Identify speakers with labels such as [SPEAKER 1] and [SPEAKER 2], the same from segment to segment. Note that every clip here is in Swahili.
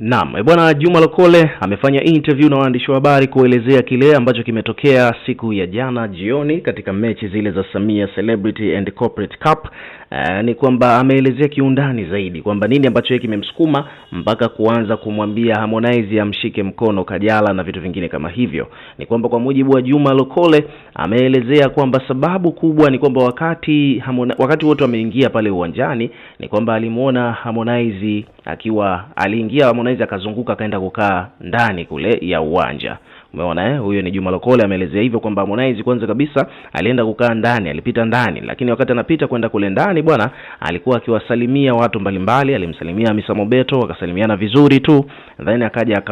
[SPEAKER 1] Naam, eh, bwana Juma Lokole amefanya interview na waandishi wa habari kuelezea kile ambacho kimetokea siku ya jana jioni katika mechi zile za Samia Celebrity and Corporate Cup Eh, ni kwamba ameelezea kiundani zaidi kwamba nini ambacho yeye kimemsukuma mpaka kuanza kumwambia Harmonize amshike mkono Kajala na vitu vingine kama hivyo. Ni kwamba kwa mujibu wa Juma Lokole ameelezea kwamba sababu kubwa ni kwamba wakati Harmonize, wakati wote wameingia pale uwanjani ni kwamba alimuona Harmonize akiwa aliingia, Harmonize akazunguka akaenda kukaa ndani kule ya uwanja Umeona eh? Huyo ni Juma Lokole ameelezea hivyo kwamba Harmonize kwanza kabisa alienda kukaa ndani, alipita ndani, lakini wakati anapita kwenda kule ndani bwana, alikuwa akiwasalimia watu mbalimbali, alimsalimia Hamisa Mobeto, akasalimiana vizuri tu, then akaja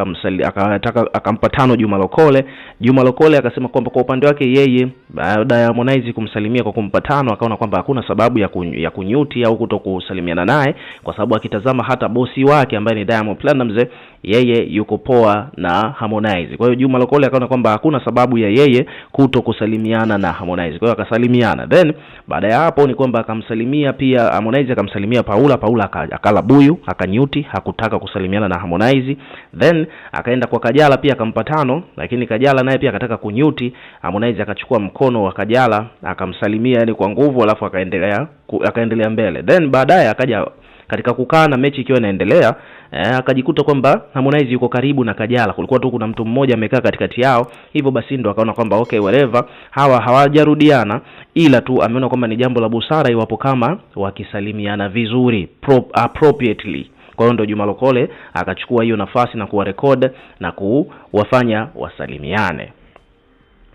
[SPEAKER 1] akataka akampa tano Juma Lokole. Juma Lokole akasema kwamba kwa upande wake yeye, baada ya Harmonize kumsalimia kwa kumpa tano, akaona kwamba hakuna sababu ya, kun, ya kunyuti au kutokusalimiana naye, kwa sababu akitazama hata bosi wake ambaye ni Diamond Platnumz, yeye yuko poa na Harmonize. Kwa hiyo Juma Lokole Polepole akaona kwamba hakuna sababu ya yeye kuto kusalimiana na Harmonize, kwa hiyo akasalimiana. Then baada ya hapo ni kwamba akamsalimia pia Harmonize akamsalimia Paula. Paula akala buyu akanyuti, hakutaka kusalimiana na Harmonize. Then akaenda kwa Kajala pia akampa tano, lakini Kajala naye pia akataka kunyuti. Harmonize akachukua mkono wa Kajala akamsalimia yani kwa nguvu, alafu akaendelea akaendelea mbele. Then baadaye akaja katika kukaa na mechi ikiwa inaendelea eh, akajikuta kwamba Harmonize yuko karibu na Kajala, kulikuwa tu kuna mtu mmoja amekaa katikati yao, hivyo basi ndo akaona kwamba okay, whatever, hawa hawajarudiana, ila tu ameona kwamba ni jambo la busara iwapo kama wakisalimiana vizuri pro, appropriately kwa hiyo ndo Juma Lokole akachukua hiyo nafasi na kuwarekod na kuwafanya wasalimiane.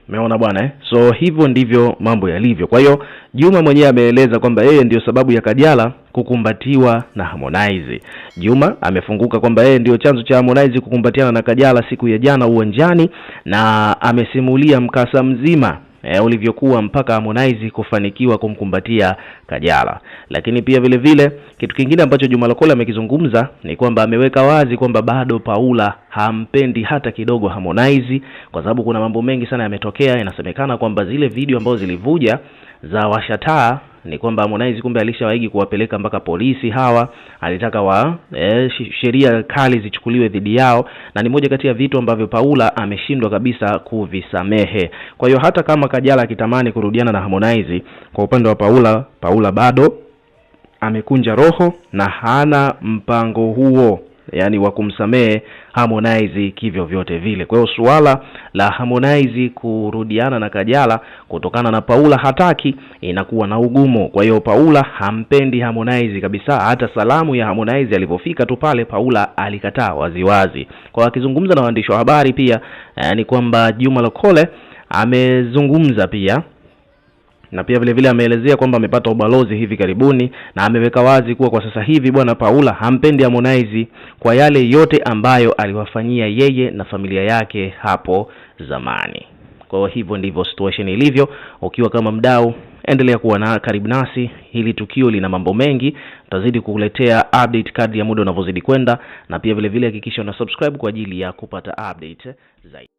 [SPEAKER 1] Umeona bwana eh? So hivyo ndivyo mambo yalivyo. Kwa hiyo Juma mwenyewe ameeleza kwamba yeye ndiyo sababu ya Kajala kukumbatiwa na Harmonize. Juma amefunguka kwamba yeye ndio chanzo cha Harmonize kukumbatiana na Kajala siku ya jana uwanjani na amesimulia mkasa mzima e, ulivyokuwa mpaka Harmonize kufanikiwa kumkumbatia Kajala. Lakini pia vile vile kitu kingine ambacho Juma Lokole amekizungumza ni kwamba ameweka wazi kwamba bado Paula hampendi hata kidogo Harmonize, kwa sababu kuna mambo mengi sana yametokea. Inasemekana kwamba zile video ambazo zilivuja za washataa ni kwamba Harmonize kumbe alishawahi kuwapeleka mpaka polisi hawa, alitaka wa eh, sheria kali zichukuliwe dhidi yao, na ni moja kati ya vitu ambavyo Paula ameshindwa kabisa kuvisamehe. Kwa hiyo hata kama Kajala akitamani kurudiana na Harmonize, kwa upande wa Paula, Paula bado amekunja roho na hana mpango huo yani wa kumsamehe Harmonize kivyo vyote vile. Kwa hiyo suala la Harmonize kurudiana na Kajala kutokana na Paula hataki inakuwa na ugumu. Kwa hiyo Paula hampendi Harmonize kabisa, hata salamu ya Harmonize alipofika tu pale Paula alikataa waziwazi. Kwa akizungumza na waandishi wa habari pia eh, ni yani kwamba Juma Lokole amezungumza pia na pia vile vile ameelezea kwamba amepata ubalozi hivi karibuni, na ameweka wazi kuwa kwa sasa hivi bwana Paula hampendi Harmonize kwa yale yote ambayo aliwafanyia yeye na familia yake hapo zamani. Kwa hivyo ndivyo situation ilivyo. Ukiwa kama mdau, endelea kuwa na karibu nasi. Hili tukio lina mambo mengi, tutazidi kukuletea update kadri ya muda unavyozidi kwenda, na pia vilevile hakikisha una subscribe kwa ajili ya kupata update zaidi.